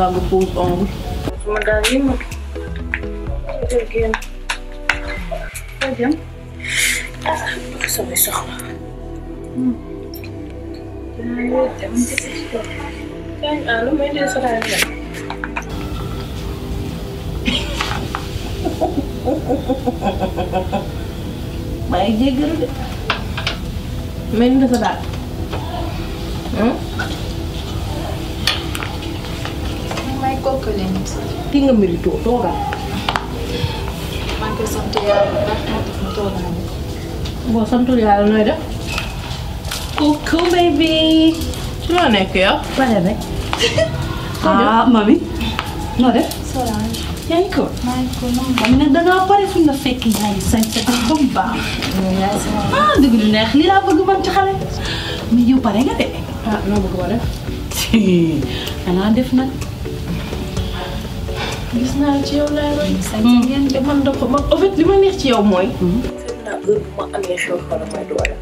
mbaa nga pose ongle. ma daal yéen a génn. nga jëm. ah sama soxla. dinaa dem kañ ah lu may dee sa daal maa ngi jéggalu de. mel ni dafa daal. Hmm? kokkaleen ki nga mérito toogal. maa ngi koy sant yàlla bu baax moo tax mu toogal ñu ko. boo ci loo nekk yow. pare rek. ah mami. def. Solange. yaa ngi ko. maa ngi ko moom. xam ne da ngaa pare fu ñu la ah, ba mu ah, neex lii laa bëgg man ci xale. mais yow pare nga de. ah noo bëgg ko def. xanaa def nag. gis naa ci yow laa roy. Mm. sant ngeen te man da ko man en fait li ma neex ci yow mooy. xam mm. naa heure bu ma amee xew xala may doole.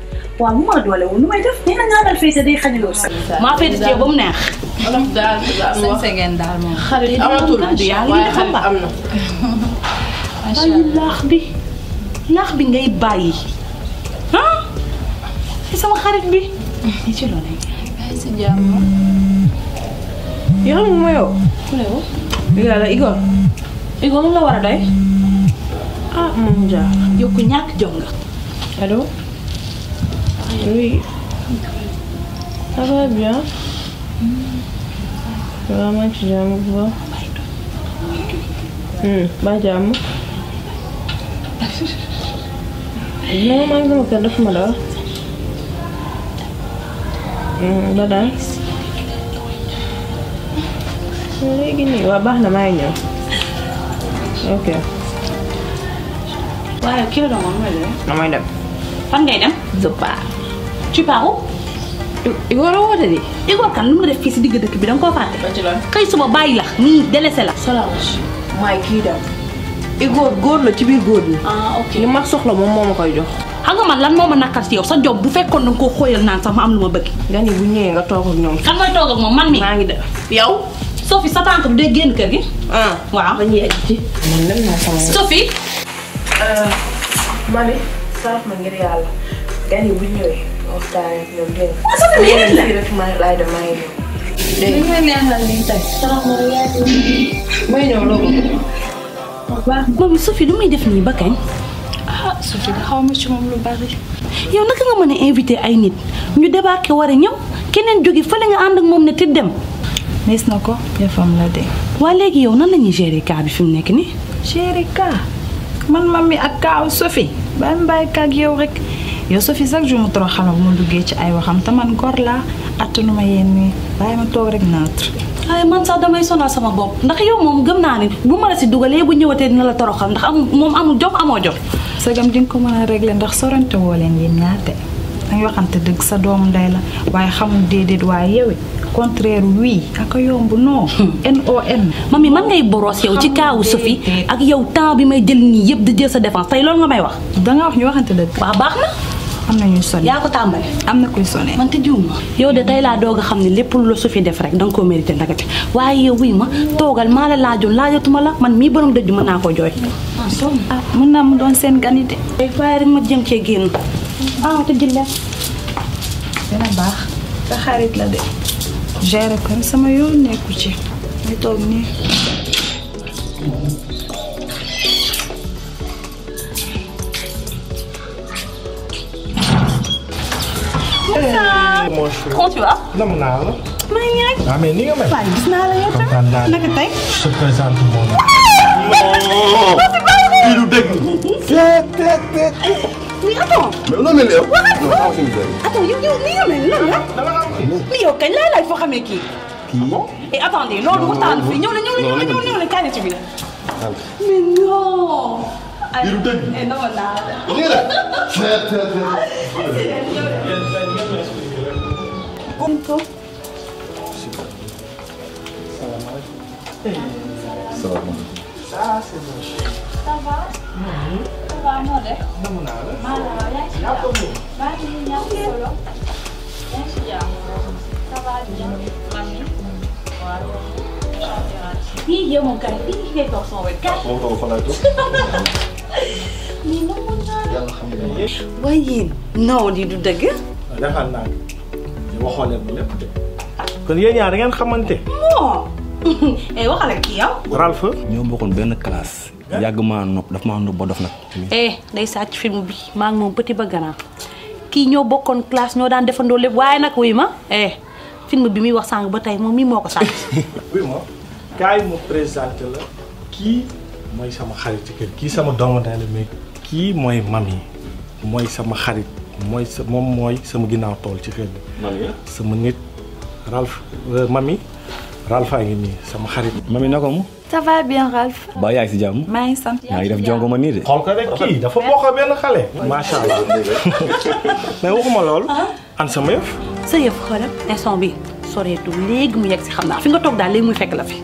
waaw mu ma doole woon lu may def nee na ñaanal féete day xañ loolu sax. maa féete ci yow ba mu neex. wala daal daal wax sëñ Segen daal moom. xarit amatul waaye xarit am na. macha allah laax bi laax bi ngay bàyyi. ah sama xarit bi. li ci loo nekk. yaa ngi si jàmm. Mm. yow mooyoo. yàlla Igor Igor moom la a doy ah moom jaar yokku ñàkk jom nga allo oui ça va bien waaw maa ngi ci jàmm ba jàmm non maa ngi sama kër daf ma la hmm, ba daal léegi nii waa baax na maa ngi ñëw ok. waaye kii la doon mooy dem. dem. fan ngay dem. je pars. tu pars où. Igor la de. Igor kan lu mu def fii si digg dëkk bi da nga koo fàtte. ba ci suba bàyyi la. nii délaissé la. Solange maay kii dem. Igor góor la ci biir góor la. ah li ma soxla moom moo ma koy jox. xam nga man lan moo ma nakar ci yow sa job bu fekkoon da nga koo xóoyal naan sax ma am lu ma bëgg. nga ni bu ñëwee nga toog ak ñoom. kan mooy toog moom man mi yow. Sophie sa tànk bi day génn kër gi. Ah. waaw ma ñëw ci. man lan moo sama Sophie. Euh, ma ne saaf ma ngir yàlla gan yi bu ñëwee waxtaanee ak ñoom dégg nga. Sophie mi yéen la fii rek maa laay dem maa ngi ñëw. dégg nga li nga neexal nii tey. saaf ma yaay may ñëw loo bëgg. waaw moom Sophie lu muy def nii ba kañ. ah Sophie da xaw ma ci moom lu bari. yow naka nga mën a invité ay nit ñu débarqué war a ñëw keneen jóge fële nga ànd ak moom ne te dem. nees na ko yëfam la de. waa léegi yow nan la ñuy gérer cas bi fi mu nekk nii. gérer cas man mam mi ak kaaw sofi ba mu bàyyi kaag yow rek yow sofi sax ju mu trop xanaa bu mu duggee ci ay waxam te man góor laa attanu ma yéen nii ma toog rek naatu. ay man damay sonal sama bopp ndax yow gëm naa ni bu ma la si dugalee bu ñëwatee dina la toroxal ndax am moom amul jom amoo jom. sagam di nga ko mën a régler ndax sorante woo leen yéen ñaate danga waxante dëgg sa doomu ndey la waaye xamul déedéet waaye yow it contraire oui ak a yomb non. non. Hmm. mami man ngay boros yow ci kaawu Sophie ak yow temps bi may jël nii yëpp da jël sa défense tey loolu nga may wax. danga wax ñu waxante dëgg. waaw baax na. am na ñuy sonné yaa ko tàmbali. am na kuy sonné man te jiw ma. yow de tey laa doog a xam ne lépp lu la Sophie def rek danga koo mérité ndagati waaye yow wuy ma toogal maa la laajoon laajatuma la man mii borom dëj mën naa ko jooy. ah soo ah mën naa mu doon seen ganite. waaye rek ma jëm cee génn. ah te jël la baax. sa xarit géré kon sama nekku ci may toog nii Comment tu vas? nam naa la. maa ngi rek. ah mais ni nga may. waaw gis naa la yow tamit naka tey. je présente mon. non. du dégg. lii attends. mais loo mel ni yow. waaw attends yow yow lii yow mel lan la. lii yow kañ laa laaj foo xamee kii. kii et attendez loolu waxtaan fii ñëw na ñëw na ñëw na ñëw na kaay na ci biir. mais non. ay non non. salaamaaleykum. ça c'est bon. ça va. waaw moo def. dëgg naa la. maanaam yaa ngi ci jàmm maa ngi nii ñaar solo. yaa ngi ci jàmm. ça va bien. mami. waaw. bii jéem a kay bii ñu koy toog sama wet. kay waaw kooku fan laay toog. mais na mun naa la. yàlla xam nga yéen. waaye yéen. non lii du dëgg. waaw defal naa ko. waxoon leen lépp de. kon yéen ñaar da ngeen xamante. non. waxal ak kii yow. Ralph. ñoo bokkoon benn classe. yàgg maa nopp daf maa nopp ba dof nag. eh day sàcc film bi maa ngi moom petit ba gannaaw kii ñoo bokkoon classe ñoo daan defandoo lépp waaye nag wuy ma eh film bi muy wax sànq ba tey moom mii moo ko sànq. wuy ma kaay ma mooy sama xarit ci kër kii sama doomu ndey kii mooy mami mooy sama xarit mooy sa moom mooy sama ginnaaw tool ci kër gi. sama nit Ralph euh, mami. Ralph a ngi nii sama xarit. mami naka mu. ça va bien Ralph. ba yaa ngi si jàmm. maa ngi sant yaa ngi def jongo ma nii de. xool ko rek kii dafa mboq benn xale. macha allah mais waxuma lool. Ah. an sama yëf. sa yëf xoolal instant bi soreetul léegi mu yegg si xam naa fi nga toog daal léegi muy fekk la fi.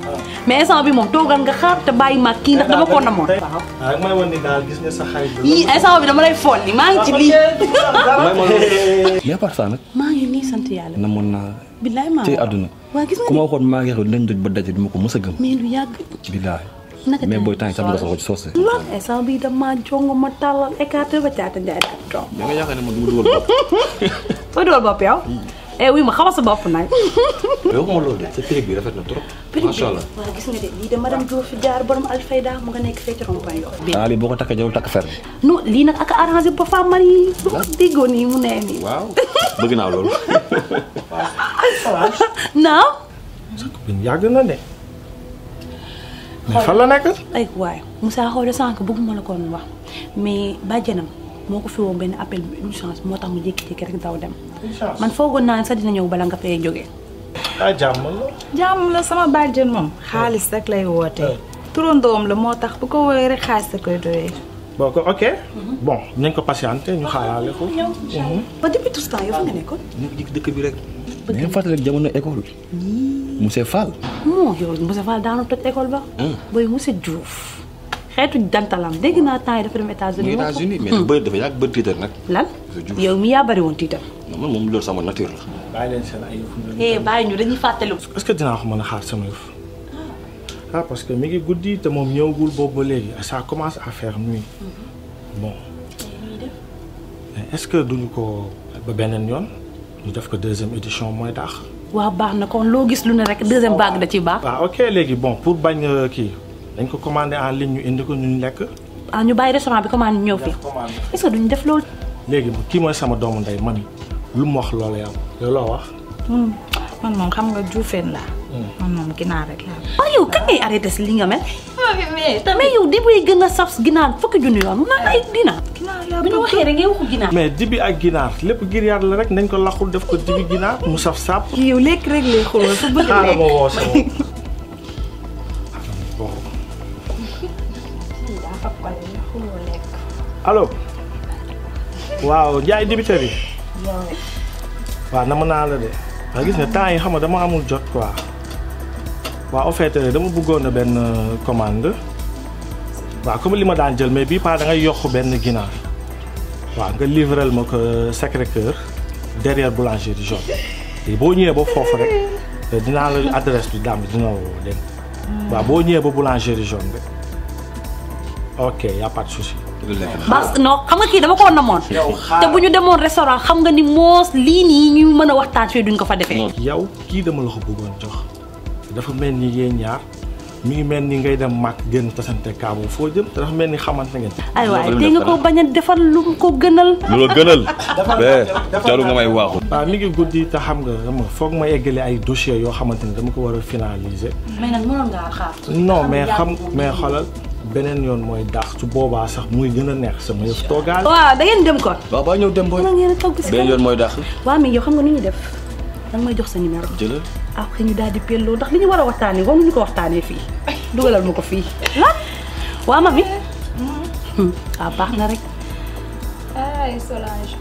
mais instant bi moom toogal nga xaar te bàyyi ma kii ndax dama ko namoon. waaw ah may wan ni daal gis nga sa xarit. yii instant bi dama lay foon ni maa ngi ci lii. mais à part ça nag. maa ngi nii sant yàlla. namoon naa. billaay maa ci àdduna. waaw gis nga ku ma waxoon maa ngi xew dinañ doj ba daje duma ko mës a gëm. mais lu yàgg. bilaay. naka booy temps sax eh, ma tàllal écarté ba caata njaay daal toog. da nga yaakaar ne ma du ma dugal bopp. ma dugal bopp yow. Eh, a sa sa prix bi rafet na trop. macha allah waaw gis nga de lii de madame Diouf fi jaar borom Alfayda mu nga nekk fee ci rond-point yoo. ah lii boo ko takk jarul yi. bëgg naa loolu. naaw. sa copine yàgg na de. mais fan la nekk. ay waay Moussa xaw de sànq bëgguma la ko wax mais bàjjenam moo ko fi woo benn appel bi urgence moo tax mu jékki-jékki rek daw dem. man foogoon naa ne dina ñëw bala nga fee jógee. Ah, jàmm la. sama bàjjen moom. Eh. xaalis rek lay wootee. Eh. turandoom la moo tax bu ko woowee rek xaalis da koy doyee. boo ko ok. bon nañ ko patienté ñu xaarale ko. Mhm. ba depuis tout ce temps yow fa nga nekkoon. ñu dëkk bi rek. bëgg nañ fàttali rek jamono école. monsieur Fall. non yow monsieur Fall daanu ba. Hmm. booy monsieur Diouf. xeetu dantalam dégg naa temps yi dafa yow mi yaa bëri woon moom loolu sama nature la. bàyyi leen seen ay yëf. Eh, bàyyi ñu dañuy que dinaa ko mën a xaar sama yëf. ah parce que mi ngi guddi te moom ñëwagul boobu ba léegi ça commence à faire nuit. Mhm. bon est-ce que duñu ko ba beneen yoon ñu def ko deuxième édition mooy daax. waaw baax na kon loo gis lu ne rek deuxième vague da ciy baax. waaw ah, ok léegi bon pour bañ euh, kii dañ ko commandé en ligne ñu indi ko ñu lekk. ah ñu bàyyi restaurant bi commande ñëw fii. est-ce que duñu def loolu. léegi kii mooy sama doomu ndey man lu mu wax loolu yow looloo wax. Hmm, man moom xam nga juufeen laa. man moom ginaar rek laa. Ah, yow kañ ngay arrêté si li nga mel. Ah, mais yow di buy gën a saf ginaar fukki junni yoon mais ak ginaar lépp ginaar la rek nañ ko laqul def ko dibi mu saf sap. yow lekk rek lay xoolal fa waaw na mën naa la de waa gis nga temps yi xam nga dama amul jot quoi waaw en euh, dama bëggoon benn euh, commande waaw comme li ma daan jël mais bii paa dangay ngay yokk benn ginaar waa nga livrel ma ko euh, Sacré-Cœur derrière boulangerie du boo ñëwee ba foofu rek dinaa la adresse bi daam bi dina woo dégg waaw boo ñëwee ba boulangerie jaune rek ok y' a pas xam nga kii dama ko namoon. te bu ñu demoon restaurant xam nga ni moos lii nii ñu mën a waxtaan fii duñ ko fa defee. yow kii dama la ko bëggoon jox. dafa mel ni yee ñaar mu ngi mel nii ngay dem màkk génn tasante kaabu foo jëm dafa mel ni xamante ngeen. ay waay te nga ko bañ a defal lu ko gënal. lu la gënal. jaru nga may waaxu. waaw mi ngi guddi te xam nga xam foog ma eggale ay dossiers yoo xamante ni dama ko war a finaliser. mais nag mais xam mais xoolal. beneen yoon mooy daax su boobaa sax muy gën a neex sama yëf toogaal. waaw da ngeen dem kon. waaw ba ñëw dem booy. beneen yoon mooy daax. waaw mais yow xam nga nu def. danga may jox sa numéro. jëlal après ñu daal di pelloo ndax li ñu war a waxtaanee waruñu ko waxtaanee fii dugalal ma ko fii lan waa mami. Hmm. Ah, na rek. ay Solange.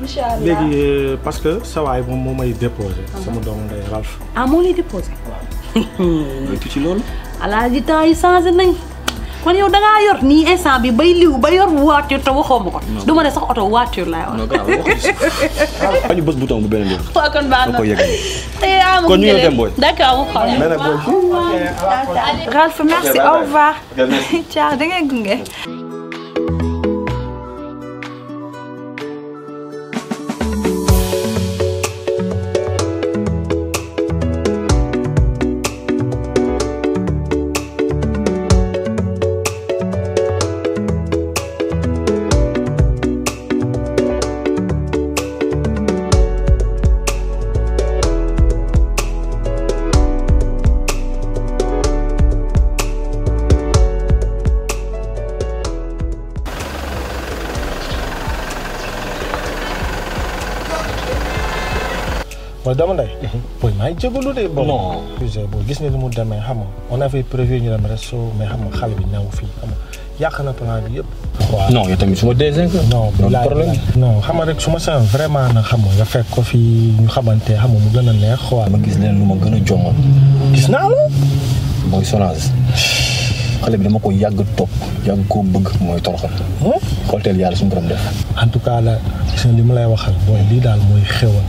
incha allah léegi euh, parce que sa moom moo may déposé. Ah sama doomu ndey Ralph. ah déposé. waaw. ci loolu. yi changé kon yow da ngaa yor nii instant bi bay liw ba yor voiture te waxoo ma ko. du ma ne sax oto voiture laa yor. non gannaaw ñu bës bouton bu beneen yoon. waaw kon baax na te kon ñu ngi dem booy. d'accord mu xool. Ralph merci au revoir. Thiar da ngay gunge. mooy dama lay. Mhm. booy maa ngi jégalu de. bon gis nga ni mu demee xam nga on avait prévu ñu dem resto mais xam nga xale bi newu fii xam yàq na plan bi yëpp. no non yow su ma déggee. non problème non xam nga rek su ma sañoon vraiment nag xam nga fekk ko fii ñu xamante xam nga mu gën a neex waaw. ma gis leen lu ma gën a joŋoon. gis naa la. mooy Sonage. xale bi dama ko yàgg topp yàgg koo bëgg mooy toroxal. xoolteel yàlla suñu borom def. la gis li ma lay waxal booy lii daal mooy xewal.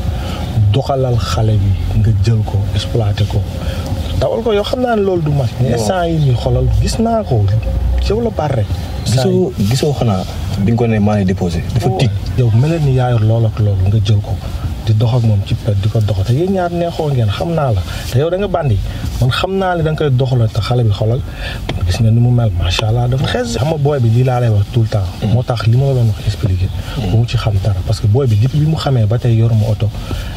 doxalal xale bi nga jël ko exploité ko dawal ko yow xam naa ne loolu du mat mais instant yi nii xolal gis naa ko yow la baar rek gisoo gisoo xanaa bi nga ko ne maa ngi déposé dafa tiit yow mel ni yaa lool ak loolu nga jël ko di dox ak moom ci pet di ko dox te yéen ñaar neexoo ngeen xam naa la te yow da nga bandi man xam naa ne danga koy koy doxaloo te xale bi xolal gis nga ni mu mel macha allah dafa xees. xam nga booy bi lii laa lay wax tout le temps. Mm-hmm. moo tax li ma la doon wax expliqué. Mm-hmm. bu mu ci que booy bi depuis bi mu xamee ba tey yoruma oto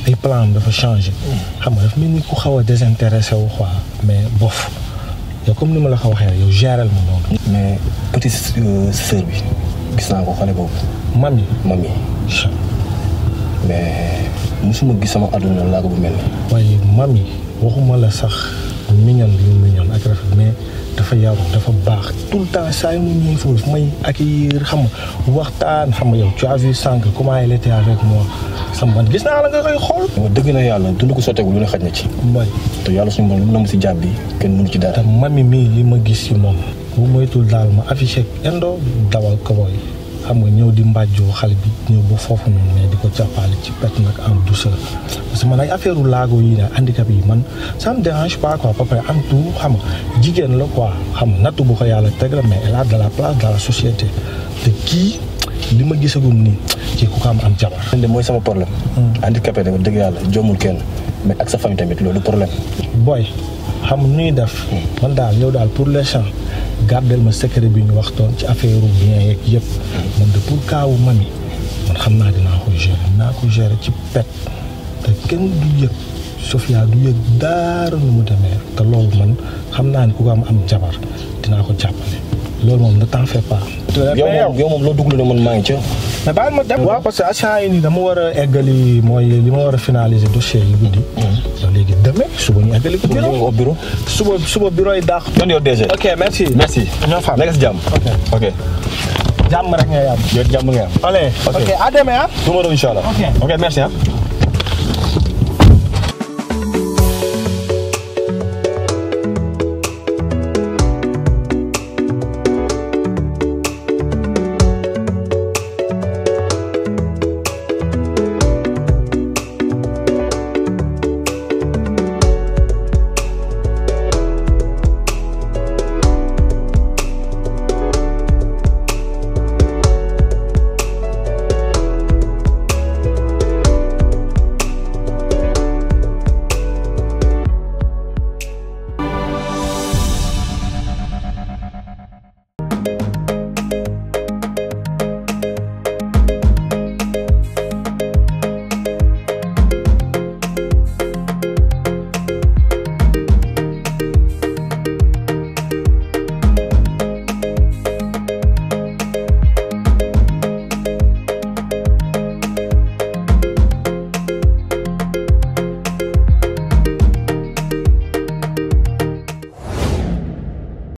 ay dafa changé. Mm-hmm. xam nga dafa mel ni xaw a désintéressé wu quoi mais bof yow comme ni ma la ko waxee yow géral ma loolu. mais petite euh, sœur bi gis naa ko xale boobu. mami mami. mais. musuma gis sama àdduna laago bu mel nii. waaye maam yi waxuma la sax miñan yu miñan ak mais dafa yaru dafa baax tout le temps saa yu mu ñëwee foofu daf xam waxtaan xam yow tu as vu sànq comment elle était avec moi sama man gis naa la nga koy xool. waaw dëgg na yàlla dund ko sotteeku lu ne xaj na ci. mooy te yàlla suñu borom lu mu si jàpp bi kenn mënu ci dara. te mami mii li ma gis ci moom bu moytul daal ma affiché endo dawal ko yi xam nga ñëw di mbàjjoo xale bi ñëw ba foofu noonu mais di ko jàppale ci pet nag en douceur parce que man ay affaire u laago yi nag handicap yi man ça me dérange pas quoi am tu xam nga jigéen la quoi xam nga nattu bu ko yàlla teg la mais elle a de la place dans la te kii li ma gisagum nii ci ku ko am am jabar. de mooy sama problème. Hmm. handicapé dama dëgg yàlla joomul kenn mais ak sa famille tamit loolu problème. booy. xam nu ñuy def man daal ñëw daal pour les champs gàddeel ma secret bi ñu waxtoon ci affaire u bien yeeg yëpp man de pour kaawu mami man xam naa dinaa ko gérer dinaa ko gérer ci pet te kenn du yëg Sofia du yëg daara nu mu demee te loolu man xam naa ne ku ko am am jabar dinaa ko jàppale loolu moom na t'en fais pas yow moom yow moom loo dugg la man maa ngi ca. mais ma dem waaw parce que achat yi nii dama war eggali mooy li ma war a finaliser dossier yi léegi demain a ñu àggale ko. bureau bureau suba suba bureau yi daax. ñoom yow DG. ok merci merci. ñoo faa nekk ok ok. rek nga yàgg. yow jàmm ok à demain ah. numéro incha ok ok ah.